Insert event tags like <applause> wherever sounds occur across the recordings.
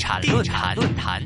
地產論壇，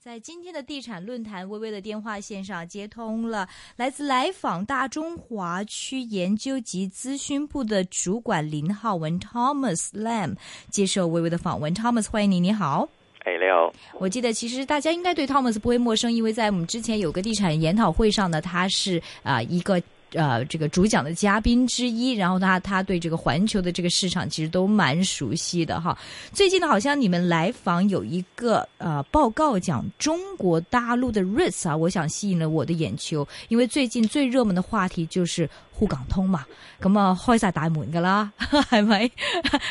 在今天的地產論壇，微微的電話綫上接通了來自萊坊大中華區研究及諮詢部的主管林浩文 （Thomas Lam） 接受微微的訪問。Thomas，歡迎你，你好。誒，你好！我記得其實大家應該對 Thomas 不會陌生，因為在我們之前有個地產研討會上呢，他是啊、一個。誒、呃，這個主講的嘉賓之一，然後他他對這個環球的這個市場其實都蠻熟悉的哈。最近呢，好像你們來訪有一個誒、呃、報告講中國大陸的 REITs 啊，我想吸引了我的眼球，因為最近最熱門的話題就是滬港通嘛，咁啊開晒大門噶啦，係咪？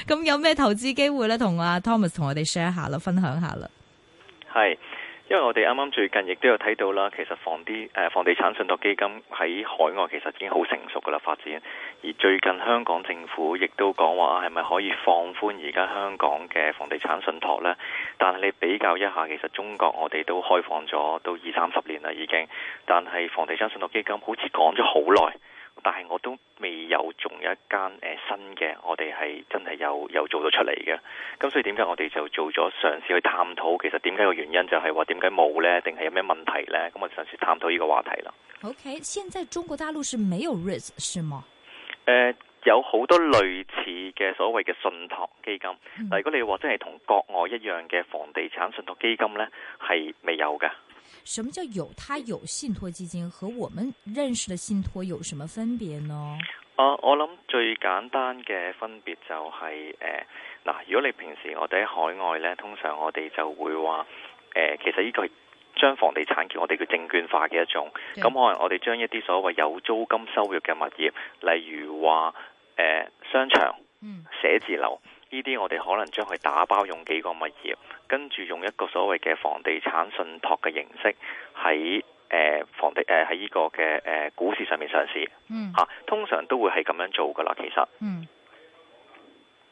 咁有咩投資機會呢？同阿 Thomas 同我哋 share 下啦，分享下啦。係。因為我哋啱啱最近亦都有睇到啦，其實房地，房地產信託基金喺海外其實已經好成熟㗎喇發展，而最近香港政府亦都講話係咪可以放寬而家香港嘅房地產信託呢？但係你比較一下，其實中國我哋都開放咗都二三十年啦已經，但係房地產信託基金好似講咗好耐。但係我都未有仲有一間誒新嘅，我哋係真係有有做到出嚟嘅。咁所以點解我哋就做咗嘗試去探討，其實點解個原因就係話點解冇呢？定係有咩問題呢？咁我嘗試探討呢個話題啦。OK，現在中國大陸是沒有 REITs 是嗎？誒、呃，有好多類似嘅所謂嘅信託基金，嗯、但如果你話真係同國外一樣嘅房地產信託基金呢，係未有嘅。什麼叫有？他有信託基金，和我們認識的信託有什麼分別呢？啊，我諗最簡單嘅分別就係、是、誒，嗱、呃，如果你平時我哋喺海外咧，通常我哋就會話誒、呃，其實呢個係將房地產叫我哋叫證券化嘅一種，咁對可能我哋將一啲所謂有租金收入嘅物業，例如話誒、呃、商場、嗯、寫字樓。呢啲我哋可能將佢打包用幾個物業，跟住用一個所謂嘅房地產信託嘅形式喺誒、呃、房地誒喺呢個嘅誒、呃、股市上面上市，嗯吓、啊，通常都會係咁樣做噶啦。其實嗯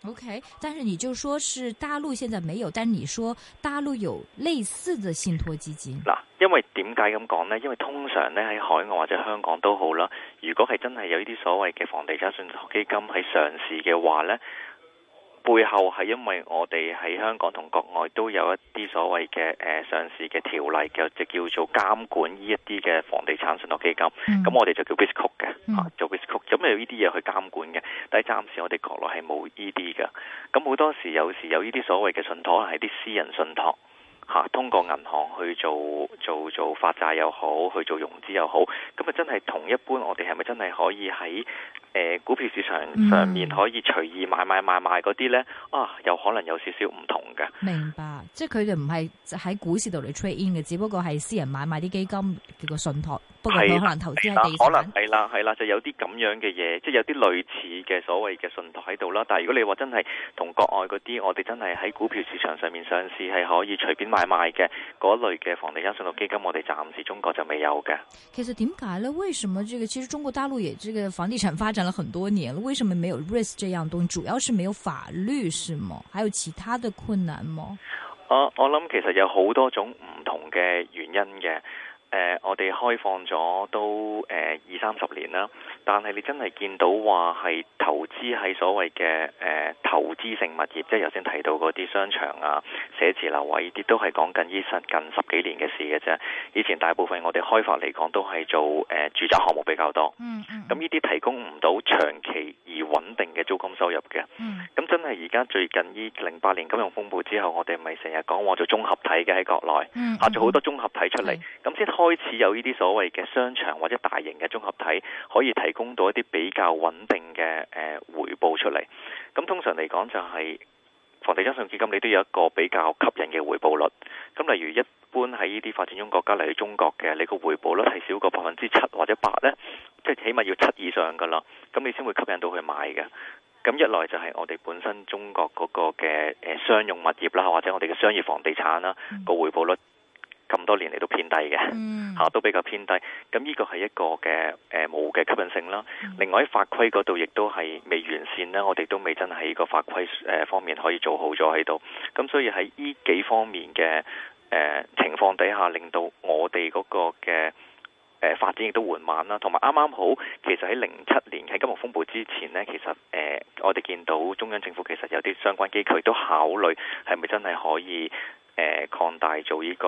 ，O K。Okay, 但是你就說是大陸現在沒有，但係你說大陸有類似的信託基金嗱，因為點解咁講呢？因為通常咧喺海外或者香港都好啦，如果係真係有呢啲所謂嘅房地產信託基金喺上市嘅話呢。背後係因為我哋喺香港同國外都有一啲所謂嘅誒上市嘅條例嘅，就叫做監管呢一啲嘅房地產信託基金。咁、mm. 我哋就叫 REITs 嘅，嚇、mm. 做 REITs。咁有呢啲嘢去監管嘅，但係暫時我哋國內係冇依啲嘅。咁好多時有時有呢啲所謂嘅信託係啲私人信託，嚇、啊、通過銀行去做做做，做發債又好，去做融資又好。咁啊真係同一般我哋係咪真係可以喺？誒，股票市場上面可以隨意買賣買賣嗰啲咧，啊，有可能有少少唔同嘅。明白，即係佢哋唔係喺股市度嚟 trade in 嘅，只不過係私人買賣啲基金叫做信託，不過佢可能投資喺地產。可能係啦係啦，就有啲咁樣嘅嘢，即係有啲類似嘅所謂嘅信託喺度啦。但係如果你話真係同國外嗰啲，我哋真係喺股票市場上面上市係可以隨便買賣嘅嗰類嘅房地產信託基金，我哋暫時中國就未有嘅。其實點解咧？為什麼呢個？其實中國大陸也呢個房地產發展。很多年了，為什麼沒有 REITs 這樣東西？主要是沒有法律，是嗎？還有其他的困難嗎？我我諗其實有好多種唔同嘅原因嘅。誒、呃，我哋開放咗都誒、呃、二三十年啦，但係你真係見到話係投資係所謂嘅誒投資性物業，即係頭先提到嗰啲商場啊、寫字樓位，呢啲，都係講緊近十近十幾年嘅事嘅啫。以前大部分我哋開發嚟講都係做誒住宅項目比較多，咁呢啲提供唔到長期。以穩定嘅租金收入嘅，咁、嗯、真係而家最近呢零八年金融風暴之後，我哋咪成日講話做綜合體嘅喺國內，嗯嗯、下咗好多綜合體出嚟，咁先、嗯、開始有呢啲所謂嘅商場或者大型嘅綜合體可以提供到一啲比較穩定嘅誒回報出嚟，咁通常嚟講就係、是。房地產信託基金你都有一個比較吸引嘅回報率，咁例如一般喺呢啲發展中國家嚟到中國嘅，你個回報率係少過百分之七或者八呢，即係起碼要七以上噶啦，咁你先會吸引到佢買嘅。咁一來就係我哋本身中國嗰個嘅誒商用物業啦，或者我哋嘅商業房地產啦，個回報率。咁多年嚟都偏低嘅，吓、嗯啊，都比較偏低。咁呢個係一個嘅誒冇嘅吸引性啦。嗯、另外喺法規嗰度亦都係未完善啦，我哋都未真係個法規誒方面可以做好咗喺度。咁所以喺呢幾方面嘅誒、呃、情況底下，令到我哋嗰個嘅誒、呃、發展亦都緩慢啦。同埋啱啱好，其實喺零七年喺金融風暴之前咧，其實誒、呃、我哋見到中央政府其實有啲相關機構都考慮，係咪真係可以。誒、呃、擴大做呢個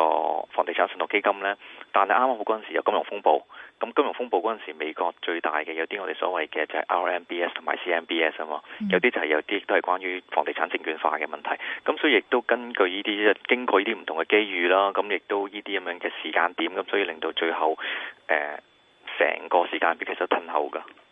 房地產信託基金咧，但係啱啱好嗰陣時有金融風暴，咁金融風暴嗰陣時美國最大嘅有啲我哋所謂嘅就係 RMBS 同埋 CMBS 啊嘛、嗯就係，有啲就係有啲都係關於房地產證券化嘅問題，咁所以亦都根據呢啲，經過呢啲唔同嘅機遇啦，咁亦都呢啲咁樣嘅時間點，咁所以令到最後誒成、呃、個時間表其實吞後㗎。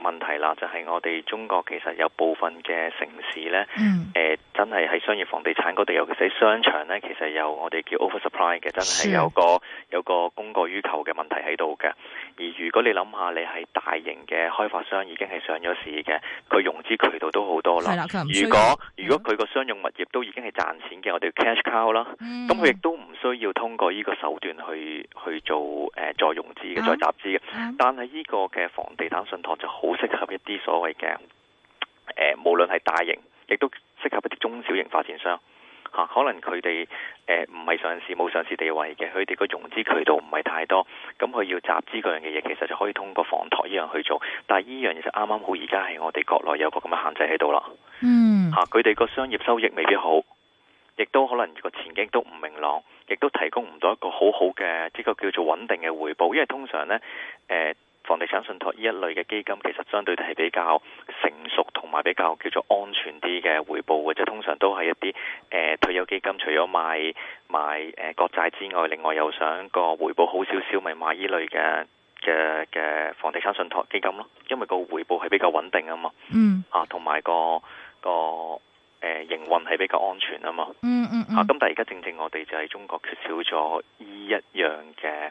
問題啦，就係、是、我哋中國其實有部分嘅城市呢，誒、嗯呃、真係喺商業房地產嗰度，尤其喺商場呢。其實有我哋叫 over supply 嘅，真係有個的有個供過於求嘅問題喺度嘅。而如果你諗下，你係大型嘅開發商已經係上咗市嘅，佢融資渠道都好多啦。如果如果佢個商用物業都已經係賺錢嘅，我哋 cash cow 啦，咁佢亦都唔需要通過呢個手段去去做誒再融資嘅再集資嘅。嗯嗯、但係呢個嘅房地產信託就好。好適合一啲所謂嘅誒、呃，無論係大型，亦都適合一啲中小型發展商嚇、啊。可能佢哋誒唔係上市，冇上市地位嘅，佢哋個融資渠道唔係太多，咁、嗯、佢、嗯、要集資嗰樣嘅嘢，其實就可以通過房託依樣去做。但係依樣嘢就啱啱好而家係我哋國內有個咁嘅限制喺度啦。嗯、啊、嚇，佢哋個商業收益未必好，亦都可能個前景都唔明朗，亦都提供唔到一個好好嘅即係叫做穩定嘅回報，因為通常咧誒。呃房地產信託呢一類嘅基金，其實相對係比較成熟同埋比較叫做安全啲嘅回報，或者通常都係一啲誒、呃、退休基金，除咗買買誒國債之外，另外又想個回報好少少，咪買依類嘅嘅嘅房地產信託基金咯，因為個回報係比較穩定啊嘛，嗯，mm. 啊，同埋、嗰個，嗰個誒營運係比較安全啊嘛，嗯嗯，啊，咁、mm. mm. 啊，但係而家正正我哋就係中國缺少咗依一樣嘅。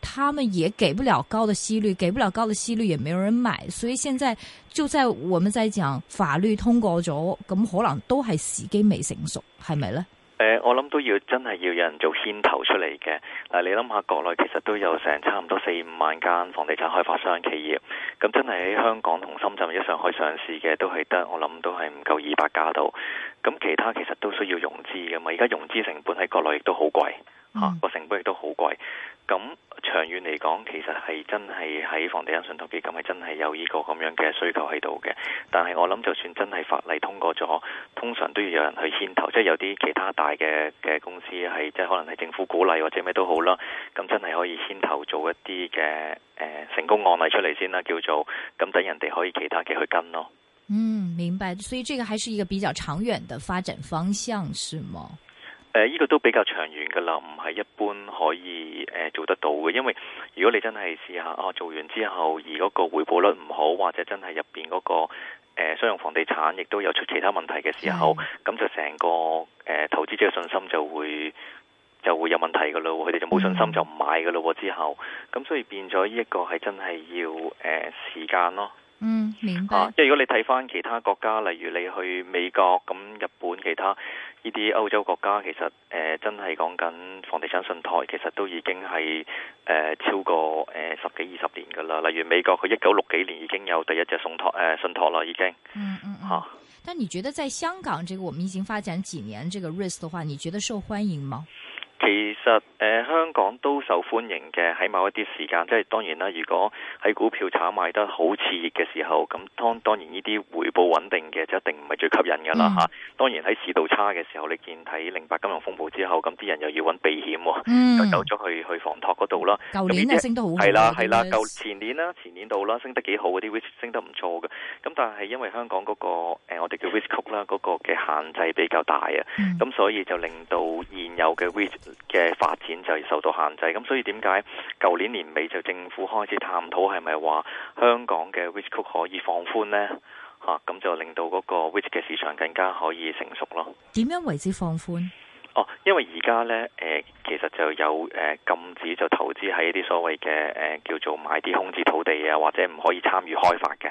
他們也給不了高的息率，給不了高的息率，也沒有人買，所以現在就在我們在講法律通過咗，咁，可能都係時機未成熟，係咪呢？誒、呃，我諗都要真係要有人做牽頭出嚟嘅嗱，你諗下國內其實都有成差唔多四五萬間房地產開發商企業，咁真係喺香港同深圳一上去上市嘅都係得，我諗都係唔夠二百家度，咁其他其實都需要融資㗎嘛，而家融資成本喺國內亦都好貴。嗯、啊，個、嗯、成本亦都好貴，咁長遠嚟講，其實係真係喺房地產信託基金係真係有呢個咁樣嘅需求喺度嘅。但係我諗，就算真係法例通過咗，通常都要有人去牽頭，即係有啲其他大嘅嘅公司係即係可能係政府鼓勵或者咩都好啦。咁真係可以牽頭做一啲嘅誒成功案例出嚟先啦，叫做咁等人哋可以其他嘅去跟咯。嗯，明白。所以呢個係一個比較長遠嘅發展方向，係嗎？誒，呢、呃，這個都比較長遠噶啦，唔係一般可以誒、呃、做得到嘅。因為如果你真係試下啊，做完之後而嗰個回報率唔好，或者真係入邊嗰個誒、呃、商用房地產亦都有出其他問題嘅時候，咁的就成個誒、呃、投資者嘅信心就會就會有問題噶咯。佢哋就冇信心就唔買噶咯。之後咁所以變咗呢一個係真係要誒、呃、時間咯。嗯，明白。即係、啊、如果你睇翻其他國家，例如你去美國咁、日本其他呢啲歐洲國家，其實誒、呃、真係講緊房地產信託，其實都已經係誒、呃、超過誒、呃、十幾二十年噶啦。例如美國佢一九六幾年已經有第一隻信託誒信託啦，已經。嗯嗯嗯。吓、嗯、啊、但你覺得在香港，這個我們已經發展幾年，這個 REITs 的話，你覺得受歡迎嗎？其實誒、呃、香港都受歡迎嘅，喺某一啲時間，即係當然啦。如果喺股票炒賣得好熾熱嘅時候，咁當當然呢啲回報穩定嘅就一定唔係最吸引㗎喇吓。當然喺市道差嘅時候，你見睇零八金融風暴之後，咁啲人又要揾避險喎，又走咗去去房託嗰度啦。舊、嗯、年咧升都係啦係啦，舊前年啦前年度啦，升得幾好嗰啲，升得唔錯嘅。咁但係因為香港嗰、那個、呃、我哋叫 REIT Code 啦，嗰、那個嘅限制比較大啊，咁、嗯嗯、所以就令到現有嘅 REIT、那個嘅發展就係受到限制，咁所以點解舊年年尾就政府開始探討係咪話香港嘅 w i s h Cook 可以放寬呢？嚇、啊，咁就令到嗰個 w i s h 嘅市場更加可以成熟咯。點樣為之放寬？哦、啊，因為而家呢，誒、呃，其實就有誒、呃、禁止就投資喺一啲所謂嘅誒、呃、叫做買啲空置土地啊，或者唔可以參與開發嘅嚇，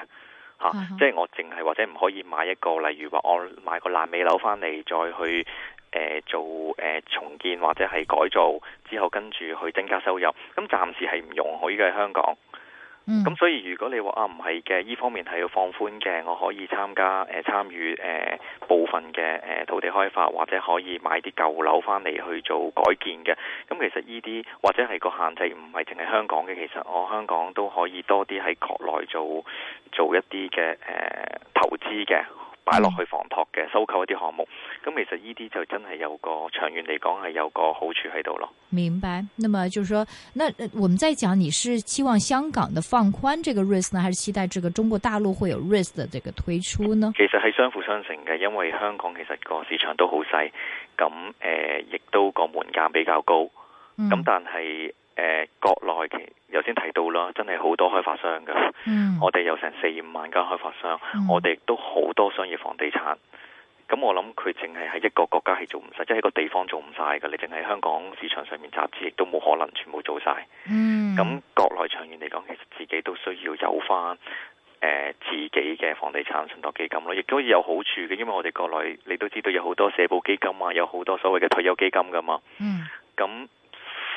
啊 uh huh. 即係我淨係或者唔可以買一個，例如話我買個爛尾樓翻嚟再去。誒、呃，做誒、呃、重建或者係改造之後，跟住去增加收入。咁、嗯、暫時係唔容許嘅香港。咁所以如果你話啊唔係嘅，呢方面係要放寬嘅，我可以參加誒、呃、參與誒、呃、部分嘅誒、呃、土地開發，或者可以買啲舊樓翻嚟去做改建嘅。咁、嗯、其實呢啲或者係個限制，唔係淨係香港嘅。其實我香港都可以多啲喺國內做做一啲嘅誒投資嘅。嗯、買落去房託嘅收購一啲項目，咁其實呢啲就真係有個長遠嚟講係有個好處喺度咯。明白，那麼就是說，那我們在講，你是期望香港的放寬這個 REITs 呢，還是期待這個中國大陸會有 REITs 的這個推出呢？其實係相輔相成嘅，因為香港其實個市場都好細，咁誒亦都個門檻比較高，咁但係。嗯誒、呃，國內嘅，頭先提到啦，真係好多開發商噶。嗯、我哋有成四五萬間開發商，嗯、我哋都好多商業房地產。咁我諗佢淨係喺一個國家係做唔晒，即、就、係、是、一個地方做唔晒噶。你淨係香港市場上面集資，亦都冇可能全部做晒。嗯。咁國內長遠嚟講，其實自己都需要有翻，誒、呃，自己嘅房地產信託基金咯，亦都有好處嘅，因為我哋國內你都知道有好多社保基金呀，有好多所謂嘅退休基金噶嘛。嗯。咁、嗯。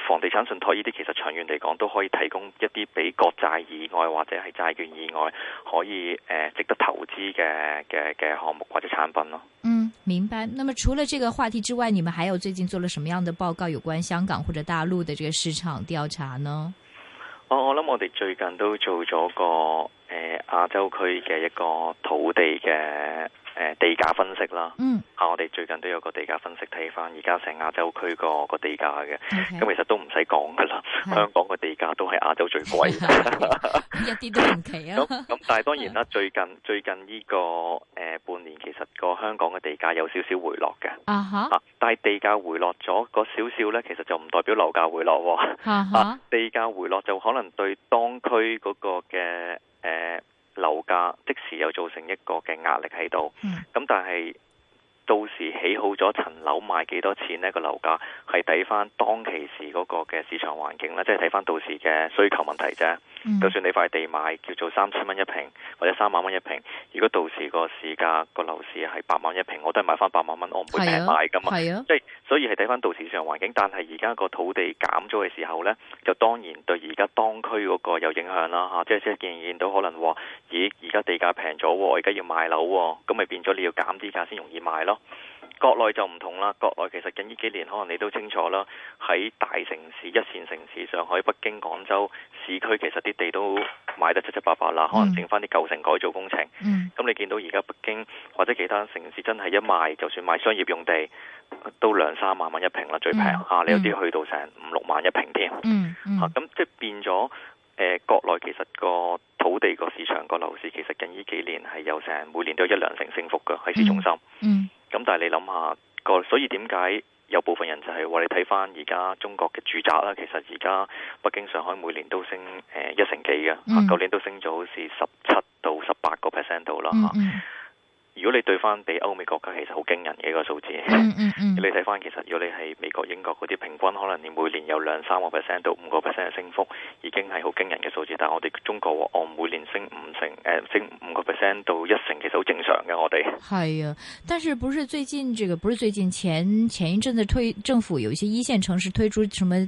房地產信託呢啲，其實長遠嚟講都可以提供一啲俾國債以外或者係債券以外可以誒、呃、值得投資嘅嘅嘅項目或者產品咯。嗯，明白。那麼除了這個話題之外，你們還有最近做了什麼樣的報告有關香港或者大陸的這個市場調查呢？我我諗我哋最近都做咗個誒、呃、亞洲區嘅一個土地嘅。誒、呃，地價分析啦，吓、嗯啊、我哋最近都有個地價分析睇返，而家成亞洲區個個地價嘅，咁 Okay.、嗯、其實都唔使講㗎喇，Yeah. 香港嘅地價都係亞洲最貴，一啲都唔奇啊。咁但係當然啦，最近最近呢、這個誒、呃、半年，其實個香港嘅地價有少少回落嘅。Uh huh. 啊但係地價回落咗個少少咧，其實就唔代表樓價回落啊。Uh huh. 啊地價回落就可能對當區嗰個嘅誒。呃呃樓價即時又造成一個嘅壓力喺度，咁但係到時起好咗層樓賣幾多錢呢？個樓價係睇翻當其時嗰個嘅市場環境啦，即係睇翻到時嘅需求問題啫。就算你塊地買叫做三千蚊一平或者三萬蚊一平，如果到時個市價個樓市係八萬一平，我都係買翻八萬蚊，我唔會平買噶嘛。即係、啊啊、所以係睇翻到時市場環境，但係而家個土地減咗嘅時候咧，就當然對而家當區嗰個有影響啦。吓，即係即係見見到可能話，咦，而家地價平咗，我而家要賣樓，咁咪變咗你要減啲價先容易賣咯。國內就唔同啦。國內其實近呢幾年，可能你都清楚啦。喺大城市、一線城市，上海、北京、廣州市區，其實啲地都買得七七八八啦。可能剩翻啲舊城改造工程。咁、嗯、你見到而家北京或者其他城市真係一賣，就算賣商業用地都兩三萬蚊一平啦，最平、嗯、啊！你有啲去到成五六萬一平添。咁、嗯嗯啊、即係變咗誒，國內其實個土地個市場個樓市其實近呢幾年係有成每年都有一兩成升幅嘅喺市中心。嗯嗯嗯咁但係你諗下個，所以點解有部分人就係話你睇翻而家中國嘅住宅啦，其實而家北京、上海每年都升誒一成幾嘅。嚇，舊年都升咗好似十七到十八個 percent 度啦，嚇。如果你對翻比歐美國家，其實好驚人嘅一個數字，嗯嗯嗯、你睇翻其實如果你係美國、英國嗰啲，平均可能你每年有兩三個 percent 到五個 percent 嘅升幅，已經係好驚人嘅數字。但係我哋中國我每年升五成，誒、呃、升五個 percent 到一成，其實好正常嘅我哋。係啊，但是不是最近這個？不是最近前前一陣子推政府有一些一線城市推出什麼？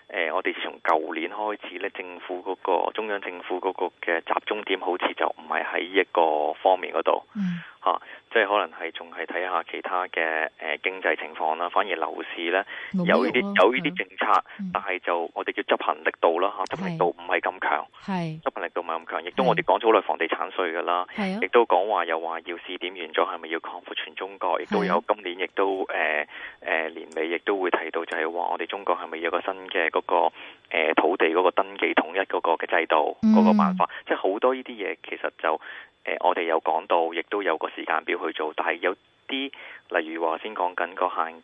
誒、呃，我哋從舊年開始咧，政府嗰、那個中央政府嗰個嘅集中點，好似就唔係喺一個方面嗰度，嚇、嗯，即係、啊就是、可能係仲係睇下其他嘅誒經濟情況啦。反而樓市咧，有呢啲有呢啲政策，嗯、但係就我哋叫執行力度啦嚇，執行力度唔係咁強，係的執行力度唔係咁強。亦的都我哋講咗好耐房地產稅噶啦，亦的都講話又話要試點完咗，係咪要擴闊全中國？亦都有今年亦都誒誒年尾亦都會提到、就是，就係、是、話我哋中國係咪有個新嘅個誒土地嗰個登記統一嗰個嘅制度嗰個辦法，嗯、即係好多呢啲嘢其實就誒、呃、我哋有講到，亦都有個時間表去做，但係有啲例如話先講緊個限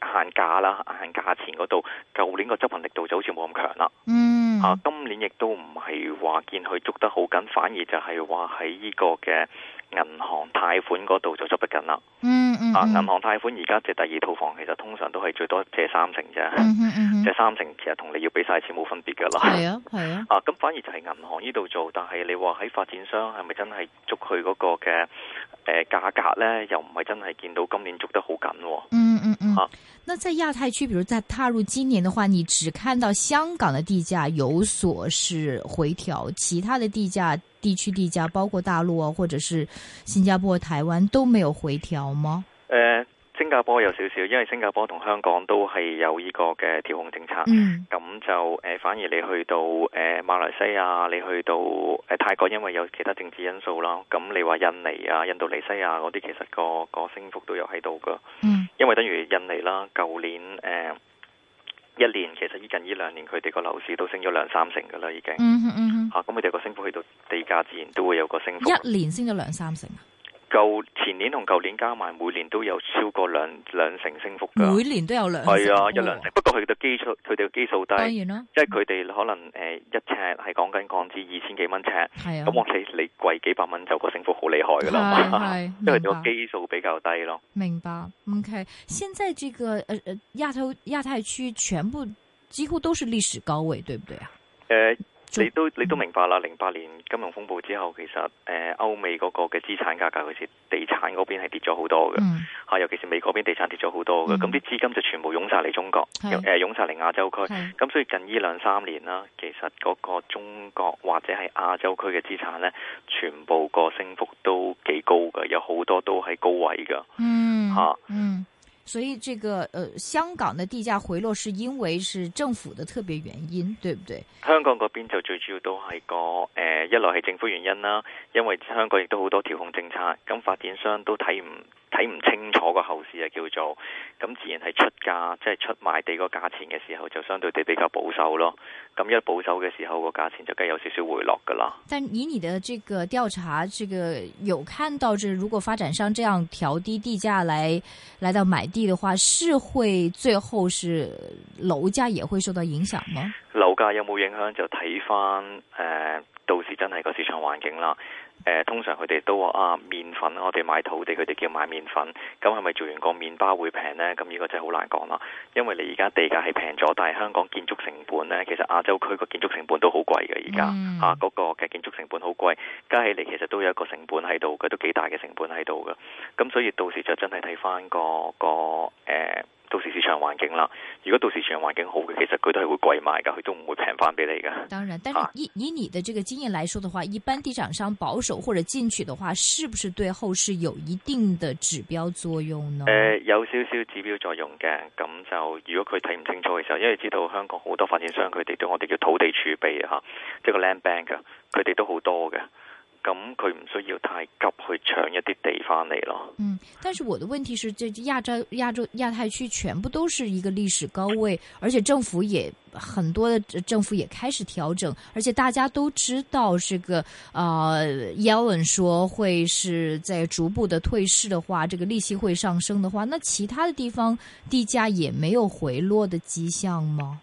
限價啦、限價錢嗰度，舊年個執行力度就好似冇咁強啦。嗯，啊今年亦都唔係話見佢捉得好緊，反而就係話喺呢個嘅。銀行貸款嗰度就捉得緊啦。嗯嗯。啊，銀行貸款而家借第二套房，其實通常都係最多借三成啫，嗯。嗯嗯嗯。借三成其實同你要俾晒錢冇分別噶啦。係啊係啊。啊，咁反而就係銀行呢度做，但係你話喺發展商係咪真係捉佢嗰個嘅誒價格咧？又唔係真係見到今年捉得好緊，啊嗯。嗯嗯嗯。吓，啊，那在亞太區，比如在踏入今年的話，你只看到香港的地價有所是回調，其他的地價。地區地價包括大陸啊，或者是新加坡、台灣都沒有回調嗎？誒、呃，新加坡有少少，因為新加坡同香港都係有呢個嘅調控政策。嗯，咁就誒、呃，反而你去到誒、呃、馬來西亞，你去到誒、呃、泰國，因為有其他政治因素啦。咁你話印尼啊、印度尼西亞嗰啲，其實個個升幅都有喺度㗎。嗯，因為等於印尼啦，舊年誒。呃一年其實依近呢兩年，佢哋個樓市都升咗兩三成㗎喇，已經。嗯嗯嗯，嚇， <music> 咁佢哋個升幅去到地價，自然都會有個升幅。一年升咗兩三成。舊前年同舊年加埋，每年都有超過兩兩成升幅噶。每年都有兩成？係啊，一兩成。哦、不過佢哋基數，佢哋嘅基數低。當然咯，即係佢哋可能誒、呃、一尺係講緊港紙二千幾蚊尺，係啊。咁我你你貴幾百蚊就個升幅好厲害噶啦、啊、嘛， <laughs> 是是因為個基數比較低咯。明白。OK，現在這個誒誒，亞、呃、洲亞太區全部幾乎都是歷史高位，對唔對啊？誒、呃。你都你都明白啦，零八年金融風暴之後，其實誒、呃、歐美嗰個嘅資產價格，好似地產嗰邊係跌咗好多嘅，嚇、嗯，尤其是美國邊地產跌咗好多嘅，咁啲資金就全部湧晒嚟中國，誒湧晒嚟亞洲區，咁是所以近呢兩三年啦，其實嗰個中國或者係亞洲區嘅資產咧，全部個升幅都幾高嘅，有好多都係高位嘅，嚇，嗯。啊嗯所以這個，呃，香港的地價回落是因為是政府的特別原因，對不對？香港嗰邊就最主要都係個，誒、呃，一來係政府原因啦，因為香港亦都好多調控政策，咁發展商都睇唔睇唔清楚個後市就叫做咁，自然係出價即係出賣地個價錢嘅時候就相對地比較保守咯。咁一保守嘅時候，個價錢就梗係有少少回落㗎喇。但以你的這個調查，這個有看到，就如果發展商這樣調低地價來來到買地的話，是會最後是樓價也會受到影響嗎？樓價有冇影響就睇返誒，到時真係個市場環境啦。誒，通常佢哋都話啊，麵粉我哋買土地，佢哋叫買麵粉，咁係咪做完個麵包會平呢？咁呢個真係好難講啦，因為你而家地價係平咗，但係香港建築成本呢，其實亞洲區個建築成本都好貴嘅，而家嚇嗰個嘅建築成本好貴，加起嚟其實都有一個成本喺度嘅，都幾大嘅成本喺度嘅，咁所以到時就真係睇返個、嗰個誒。欸到時市，市場環境啦，如果到市，市場環境好嘅，其實佢都係會貴賣噶，佢都唔會平翻俾你噶。當然，但係以、啊、以你的這個經驗來說的話，一般地產商保守或者進取的話，是不是對後市有一定的指標作用呢？誒、呃，有少少指標作用嘅，咁就如果佢睇唔清楚嘅時候，因為知道香港好多發展商佢哋對我哋叫土地儲備啊，即、就、係、是、個 land bank 啊，佢哋都好多嘅。咁佢唔需要太急去搶一啲地翻嚟咯。嗯，但是我的問題是，這亞洲、亞洲、亞太區全部都是一個歷史高位，而且政府也，很多的政府也開始調整，而且大家都知道，這個啊、呃，Yellen 說會是在逐步的退市的話，這個利息會上升的話，那其他的地方，地價也沒有回落的跡象嗎？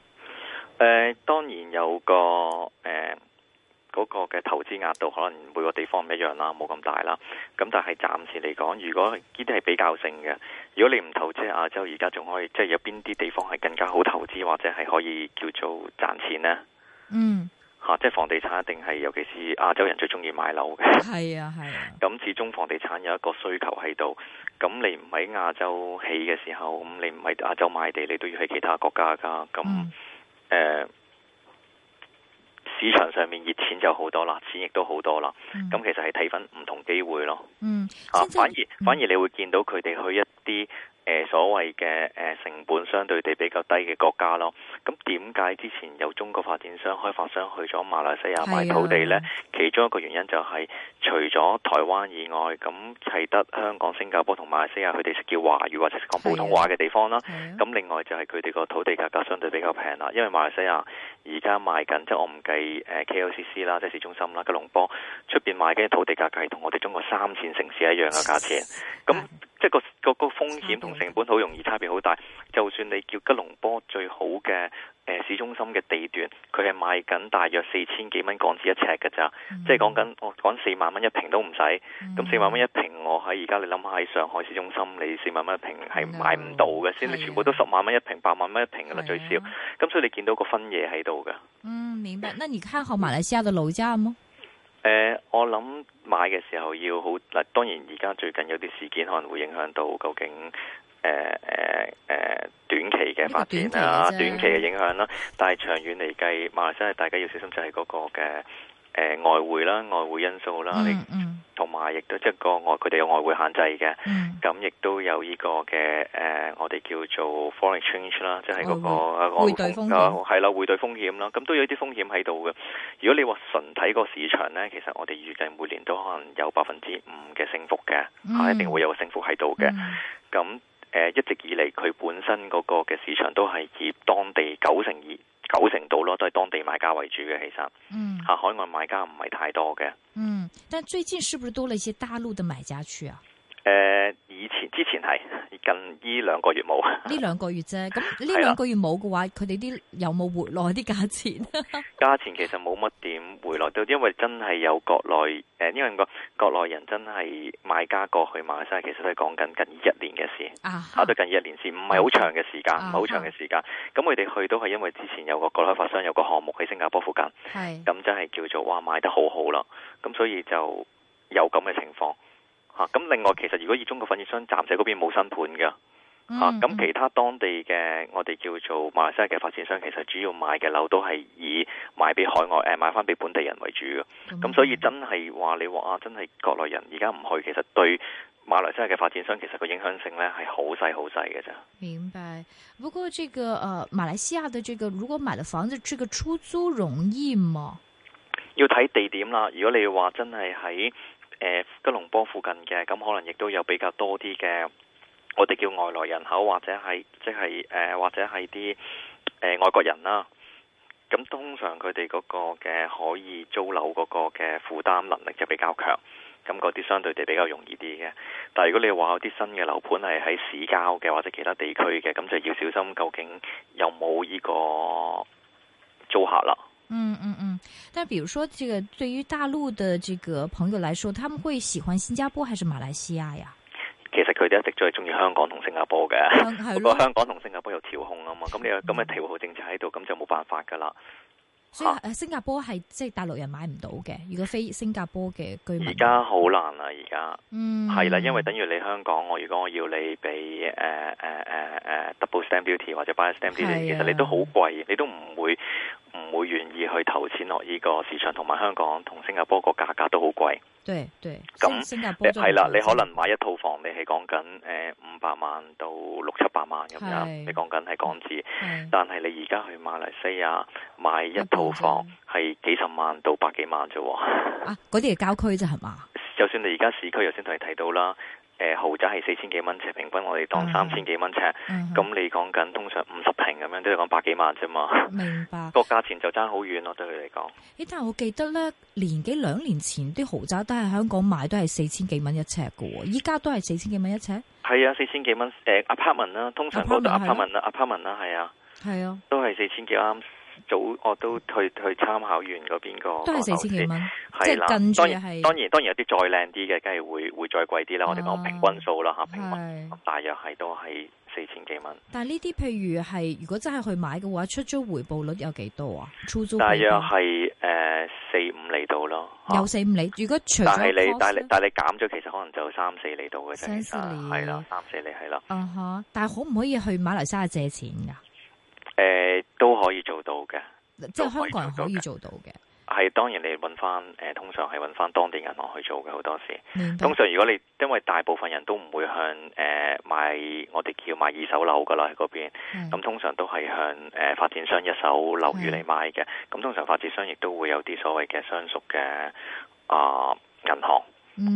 誒、呃，當然有個誒。呃嗰個嘅投資額度可能每個地方唔一樣啦，冇咁大啦。咁但係暫時嚟講，如果呢啲係比較性嘅，如果你唔投資亞洲，而家仲可以即係有邊啲地方係更加好投資，或者係可以叫做賺錢呢？嗯，嚇、啊，即係房地產一定係，尤其是亞洲人最鍾意買樓嘅。係啊，係啊。咁始終房地產有一個需求喺度。咁你唔喺亞洲起嘅時候，咁你唔喺亞洲買地，你都要去其他國家㗎。咁誒。嗯呃市場上面熱錢就好多啦，錢亦都好多啦，咁、嗯、其實係睇翻唔同機會咯。嗯，啊，生反而、嗯、反而你會見到佢哋去一啲。誒所謂嘅誒成本相對地比較低嘅國家咯，咁點解之前有中國發展商、開發商去咗馬來西亞買土地呢？啊、其中一個原因就係、是、除咗台灣以外，咁係得香港、新加坡同馬來西亞佢哋識叫華語或者識講普通話嘅地方啦。咁、啊啊、另外就係佢哋個土地價格相對比較平啦，因為馬來西亞而家賣緊，即係我唔計 KLCC 啦，即係市中心啦，吉隆坡出邊賣嘅土地價格係同我哋中國三線城市一樣嘅價錢。咁即係個個個風險。成本好容易差別好大，就算你叫吉隆坡最好嘅誒、呃、市中心嘅地段，佢係賣緊大約四千幾蚊港紙一尺㗎咋，即係講緊我講四萬蚊一平都唔使，咁四萬蚊一平我喺而家你諗下喺上海市中心，你四萬蚊一平係買唔到嘅先，嗯、你全部都十萬蚊一平、八萬蚊一平㗎啦，最少，咁、啊、所以你見到個分野喺度㗎。嗯，明白。那你看好馬來西亞嘅樓價嗎？誒、呃，我諗買嘅時候要好嗱，當然而家最近有啲事件可能會影響到，究竟誒誒誒短期嘅發展啊，短期嘅影響啦。但係長遠嚟計，馬來西亞大家要小心就係嗰個嘅。誒外匯啦，外匯因素啦，同埋亦都即係個外，佢哋有外匯限制嘅。咁亦都有呢個嘅誒，我哋叫做 foreign change 啦，即係嗰個啊，匯兌風險係啦，匯兌風險啦，咁都有一啲、呃、風險喺度嘅。如果你話純睇個市場咧，其實我哋預計每年都可能有百分之五嘅升幅嘅，嗯、一定會有升幅喺度嘅。咁誒一直以嚟，佢本身嗰個嘅市場都係以當地九成二。九成度咯，都係當地買家為主嘅，其實，嗯，海外買家唔係太多嘅。嗯，但最近是不是多了一些大陸的買家去啊？之前係近呢兩個月冇，呢 <laughs> 兩個月啫。咁呢兩個月冇嘅話，佢哋啲有冇回落啲價錢？價 <laughs> 錢其實冇乜點回落到，因為真係有國內誒，因為個國內人真係買家過去買，真其實都係講緊近一年嘅事，啊哈，對近一年事，唔係好長嘅時間，唔係好長嘅時間。咁佢哋去都係因為之前有個國內開發商有個項目喺新加坡附近，係咁是真係叫做話賣得好好咯。咁所以就有咁嘅情況。咁、啊、另外，其實如果以中國發展商暫時嗰邊冇新盤嘅，吓咁、嗯啊、其他當地嘅我哋叫做馬來西亞嘅發展商，其實主要買嘅樓都係以賣俾海外誒，賣翻俾本地人為主嘅。咁、嗯、所以真係話你話啊，真係國內人而家唔去，其實對馬來西亞嘅發展商其實個影響性咧係好細好細嘅啫。明白。不過，這個誒、呃，馬來西亞的這個如果買了房子，這個出租容易嗎？要睇地點啦。如果你話真係喺。誒吉隆坡附近嘅，咁可能亦都有比較多啲嘅，我哋叫外來人口或者係即係誒、呃、或者係啲誒外國人啦、啊。咁通常佢哋嗰個嘅可以租樓嗰個嘅負擔能力就比較強，咁嗰啲相對地比較容易啲嘅。但係如果你話有啲新嘅樓盤係喺市郊嘅或者其他地區嘅，咁就要小心究竟有冇呢個租客啦。嗯嗯嗯，但係，比如說，這個對於大陸的這個朋友來說，他們會喜歡新加坡還是馬來西亞呀、啊？其實佢哋一直都最中意香港同新加坡嘅，不過、嗯、 <laughs> 香港同新加坡有調控啊嘛，咁你又咁嘅調控政策喺度，咁就冇辦法噶啦。所以誒、啊、新加坡係即係大陸人買唔到嘅，如果非新加坡嘅居民。而家好難啊，而家嗯係啦，因為等於你香港，我如果我要你俾誒誒、呃、誒誒、呃呃呃呃呃、double stamp duty 或者 buy stamp duty，的其實你都好貴，你都唔會。唔會願意去投錢落呢個市場，同埋香港同新加坡個價格都好貴。對對，咁新加坡係啦，你可能買一套房，你係講緊誒五百萬到六七百萬咁樣，是你講緊係港紙，是但係你而家去馬來西亞買一套房係幾十萬到百幾萬啫。 <laughs> 啊，嗰啲係郊區啫，係嘛？就算你而家市區，又先同你睇到啦。誒豪宅係四千幾蚊尺，平均我哋當三千幾蚊尺，咁、uh huh. 你講緊通常五十平咁樣，都係講百幾萬啫嘛。Uh huh. <laughs> 明白，個價錢就爭好遠咯，對佢嚟講。咦、欸？但係我記得咧，年幾兩年前啲豪宅都喺香港買都係四千幾蚊一尺嘅喎，依家都係四千幾蚊一尺。係啊，四千幾蚊誒，apartment 啦、啊，通常講 apartment，apartment 啦，apartment 啦，係啊，係啊，啊啊啊都係四千幾啱。早我都去去參考完嗰邊個，都係四千幾蚊，即近住當然當然有啲再靚啲嘅，梗係會會再貴啲啦。我哋講平均數啦嚇，平均大約係都係四千幾蚊。但係呢啲譬如係如果真係去買嘅話，出租回報率有幾多啊？出租大約係誒四五厘到咯，有四五厘，如果除咗，但係你但係但係減咗，其實可能就三四厘到嘅程度，係咯，三四厘係咯。但係可唔可以去馬來西亞借錢㗎？都可以做到嘅，是都可以做到嘅。係當然你，你揾翻誒，通常係揾翻當地銀行去做嘅好多事。白通常如果你因為大部分人都唔會向誒、呃、買我哋叫買二手樓嘅啦喺嗰邊，咁的通常都係向誒、呃、發展商一手樓與嚟買嘅。咁的通常發展商亦都會有啲所謂嘅相熟嘅啊銀行。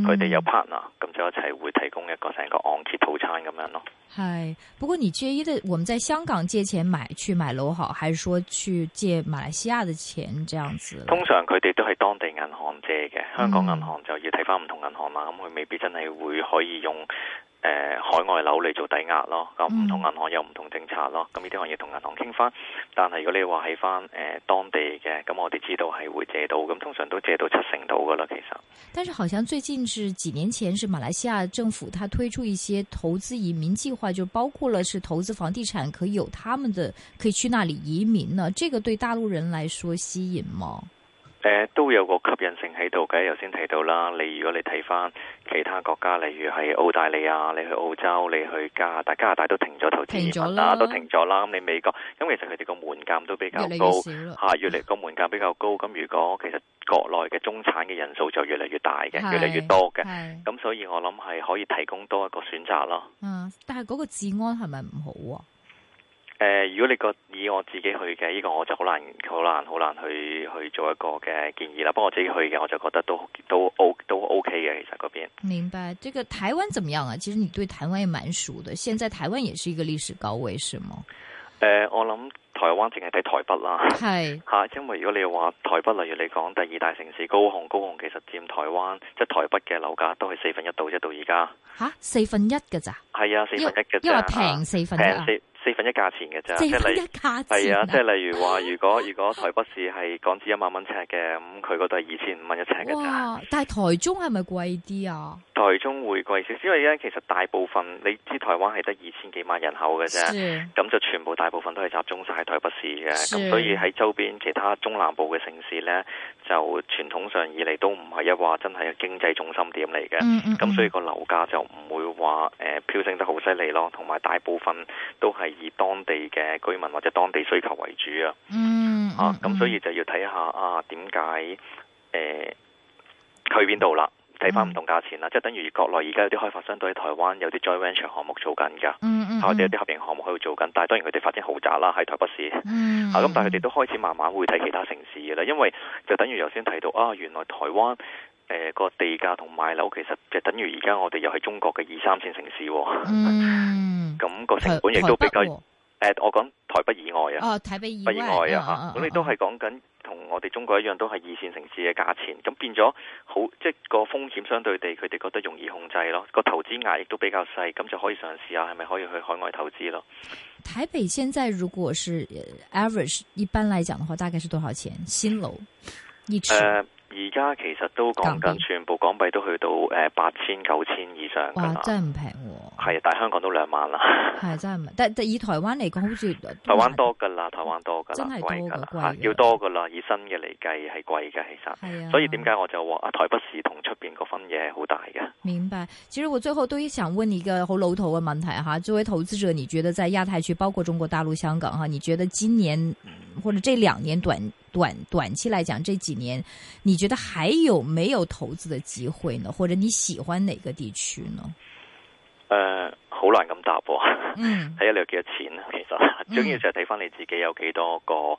佢哋、嗯、有 partner，咁就一齊會提供一個成個按揭套餐咁樣咯。係，不過你借一的，我們在香港借錢買去買樓好，還是說去借馬來西亞的錢這樣子？通常佢哋都係當地銀行借嘅，香港銀行就要睇返唔同銀行嘛，咁佢未必真係會可以用。誒，海外樓嚟做抵押咯，咁唔同銀行有唔同政策咯。咁呢啲可以同銀行傾翻。但係如果你話喺翻誒當地嘅，咁我哋知道係會借到，咁通常都借到七成度噶啦。其實，但是好像最近是幾年前，是馬來西亞政府，他推出一些投資移民計劃，就包括了是投資房地產可以有他們的可以去那裡移民呢？這個對大陸人來說吸引嗎？誒、呃，都有個吸引性喺度嘅，頭先提到啦。你如果你睇翻其他國家，例如係澳大利亞，你去澳洲，你去加拿大，加拿大都停咗投資移民啦，停啦，都停咗啦。咁、嗯、你美國，咁其實佢哋個門檻都比較高，吓越嚟個、啊、門檻比較高。咁如果其實國內嘅中產嘅人數就越嚟越大嘅，越嚟越多嘅。咁所以我諗係可以提供多一個選擇咯。啊、嗯，但係嗰個治安係咪唔好啊？誒、呃，如果你覺以我自己去嘅呢、這個，我就好難好難好難去去做一個嘅建議啦。不過我自己去嘅，我就覺得都都 O 都 O K 嘅。其實嗰邊明白。這個台灣怎麼樣啊？其實你對台灣也蠻熟的。現在台灣也是一個歷史高位，是嗎？誒、呃，我諗台灣淨係睇台北啦，係吓是，因為如果你話台北，例如你講第二大城市高雄，高雄其實佔台灣即係台北嘅樓價都係四分一度，即到而家吓四分一嘅咋係啊？四分一嘅，因為平四分一。要四分一價錢嘅啫，即係，係啊，啊，即係例如話，如果如果台北市係港紙一萬蚊尺嘅，咁佢嗰度係二千五蚊一尺嘅價。哇！但係台中係咪貴啲啊？台中會貴少少，因為咧，其實大部分你知台灣係得二千幾萬人口嘅啫，咁是就全部大部分都係集中晒喺台北市嘅，咁所以喺周邊其他中南部嘅城市呢，就傳統上以嚟都唔係一話真係經濟重心點嚟嘅，咁、嗯嗯、所以個樓價就唔會話誒飆升得好犀利咯，同埋大部分都係以當地嘅居民或者當地需求為主啊。嗯嗯、啊，咁所以就要睇下啊，點解誒去邊度啦？睇翻唔同價錢啦，即係等於國內而家有啲開發商對喺台灣有啲 joint venture 項目做緊㗎，我哋、嗯嗯、有啲合營項目喺度做緊，但係當然佢哋發展豪宅啦，喺台北市。嗯、啊，咁但係佢哋都開始慢慢會睇其他城市嘅啦，因為就等於頭先提到啊，原來台灣誒個、呃、地價同賣樓其實就等於而家我哋又係中國嘅二三線城市。嗯，咁、嗯那個成本亦都比較誒、啊欸，我講台北以外啊、哦，台北以外，北以外啊，嚇、啊，咁、啊、你都係講緊。我哋中國一樣都係二線城市嘅價錢，咁變咗好，即係個風險相對地，佢哋覺得容易控制咯。個投資額亦都比較細，咁就可以嘗試下係咪可以去海外投資咯。台北現在如果是 average，一般嚟講嘅話，大概是多少錢？新樓一尺而家其實都講緊，全部港幣都去到誒八千九千以上噶哇！真係唔平喎。係啊，但香港都兩萬啦。係真係，但就以台灣嚟講，好似台灣多㗎啦，台灣多㗎啦，貴㗎啦，要多㗎啦，以新嘅嚟計係貴㗎，其實。係啊。所以點解我就話啊，台北市同出邊個分野好大嘅。明白，其實我最後都想問你一個好老土嘅問題嚇，作為投資者，你覺得在亞太區包括中國大陸、香港嚇，你覺得今年或者這兩年短？短短期來講，這幾年，你覺得還有沒有投資的機會呢？或者你喜歡哪個地區呢？誒，好、呃、難咁答喎、啊，睇下、嗯、你有幾多錢啦。其實，最緊、嗯、要就係睇翻你自己有幾多個誒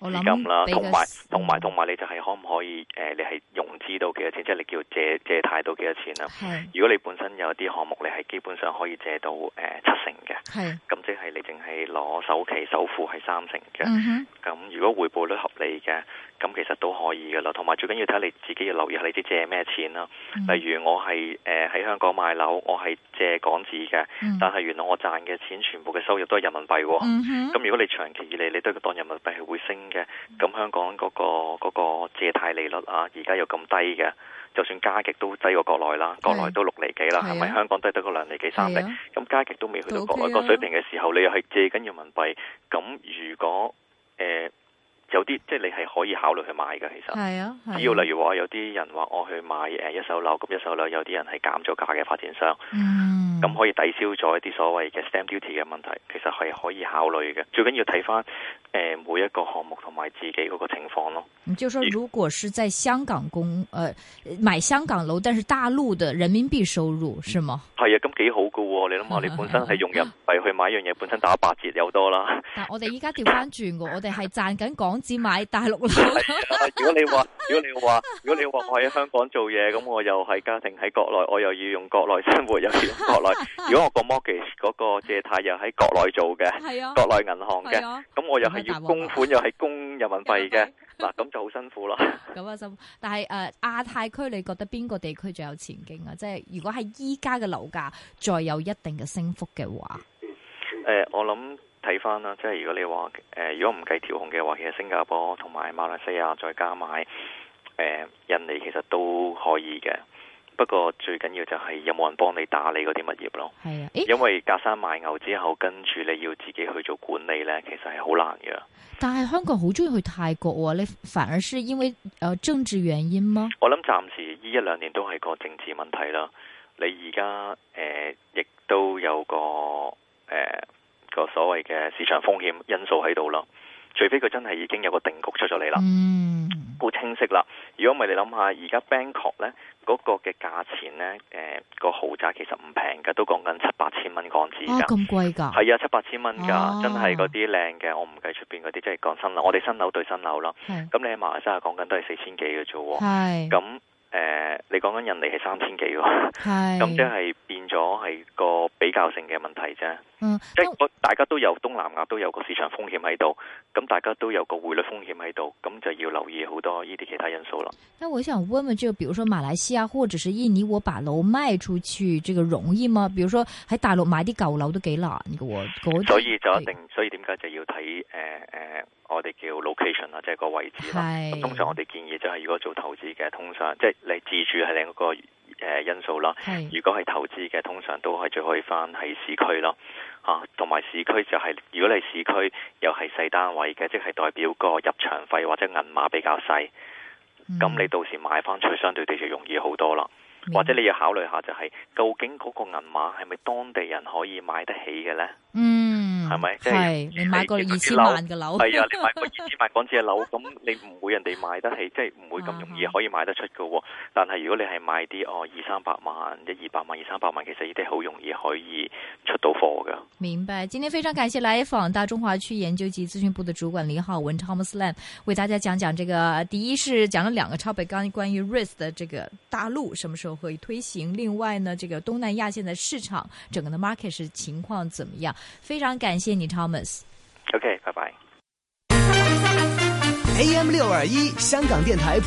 資、呃、想金啦，同埋同埋同埋，你就係可唔可以誒，你係融資到幾多錢，即、就、係、是、你叫借借貸到幾多錢啦。的如果你本身有啲項目，你係基本上可以借到誒、呃、七成嘅。係的，咁即係你淨係攞首期首付係三成嘅。咁、嗯、哼如果回報率合理嘅。咁其實都可以噶啦，同埋最緊要睇你自己要留意下你啲借咩錢啦。嗯、例如我係誒喺香港買樓，我係借港紙嘅，嗯、但係原來我賺嘅錢全部嘅收入都係人民幣喎。咁、嗯、哼如果你長期以嚟你都當人民幣係會升嘅，咁香港嗰、嗰個嗰個嗰個借貸利率啊，而家又咁低嘅，就算加極都低過國內啦，國內都六厘幾啦，係咪是、啊、香港低得個兩厘幾三厘咁加極都未去到國內個水平嘅時候，你又係借緊人民幣，咁如果誒？呃有啲即係你係可以考慮去買嘅，其實。係啊。只要、啊、例如話有啲人話我去買誒一手樓，咁一手樓有啲人係減咗價嘅發展商，嗯，咁可以抵消咗一啲所謂嘅 stamp duty 嘅問題，其實係可以考慮嘅。最緊要睇返誒每一個項目同埋自己嗰個情況咯。你就說如果是在香港工，誒而買香港樓，但是大陸的人民幣收入是嗎？係啊、嗯，咁幾好。你諗下，你、啊啊、本身係用人民幣去買樣嘢，本身打八折有多啦。但我哋依家調翻轉， <coughs> 我哋係賺緊港紙買大陸樓 <laughs> <coughs> 如果你話，如果你話，如果你話我喺香港做嘢，咁我又係家庭喺國內，我又要用國內生活，又要用國內。如果我個 mortgage 個個借貸又喺國內做嘅，啊、國內銀行嘅，咁、啊啊、我又係要供款， <coughs> 又係供人民幣嘅。嗱，咁就好辛苦啦。 <laughs> 咁、呃、啊，辛，苦。但係誒，亞太區你覺得邊個地區最有前景啊？即係如果係依家嘅樓價再有一定嘅升幅嘅話，誒、呃，我諗睇翻啦，即係如果你話誒、呃，如果唔計調控嘅話，其實新加坡同埋馬來西亞再加埋誒，印、呃、尼其實都可以嘅。不過最緊要就係有冇人幫你打理嗰啲物業咯，啊、因為隔山買牛之後，跟住你要自己去做管理呢，其實係好難嘅。但係香港好中意去泰國，哦，你反而係因為誒、呃、政治原因嗎？我諗暫時呢一兩年都係個政治問題啦。你而家誒亦都有個誒、呃、個所謂嘅市場風險因素喺度啦。除非佢真係已經有個定局出咗嚟啦，嗯，好清晰啦。如果唔係你諗下，而家 Bangkok 咧嗰、嗰個嘅價錢咧，誒、呃嗰個豪宅其實唔平㗎，都講緊七八千蚊港紙㗎，咁貴㗎，係啊，七八千蚊㗎，啊、真係嗰啲靚嘅，我唔計出邊嗰啲，即係講新樓，我哋新樓對新樓啦，咁是你喺馬來西亞講緊都係四千幾嘅啫喎，咁是。誒，你講緊人哋係三千幾喎，咁即係變咗係個比較性嘅問題啫。嗯，即係我大家都有東南亞都有個市場風險喺度，咁大家都有個匯率風險喺度，咁就要留意好多呢啲其他因素咯。我想問問，就比如說馬來西亞或者是印尼，我把樓賣出去，這個容易嗎？比如說喺大陸買啲舊樓都幾難㗎喎。所以就一定，是所以點解就要睇誒誒，我哋叫 location 啊，即係個位置啦。是通常我哋建議就係如果做投資嘅，通常即係。就是嚟自住係另一個誒因素啦。是如果係投資嘅，通常都係最可以翻喺市區咯。嚇、啊，同埋市區就係、是，如果你市區又係細單位嘅，即係代表個入場費或者銀碼比較細。咁、嗯、你到時買翻出，相對地就容易好多啦。白或者你要考慮下、就是，就係究竟嗰個銀碼係咪當地人可以買得起嘅呢？嗯。係咪？即係你，你買個二千萬嘅樓？係 <laughs> 啊、 <laughs> 嗯，你買個二千萬港紙嘅樓，咁你唔會人哋買得起， <laughs> 即係唔會咁容易可以買得出嘅。但係如果你係買啲哦二三百萬、一二百萬、二三百萬，其實依啲好容易可以出到貨嘅。明白。今天非常感謝來訪大中華區研究及諮詢部的主管林浩 <laughs> 文 Thomas Lam，為大家講講這個。第一是講了兩個 topic，關於 REITs 的這個大陸什麼時候可推行？另外呢，這個東南亞現在市場整個的 market 是情況怎麼樣？非常感。謝謝你，Thomas。OK，拜拜。AM 六二一，香港電台。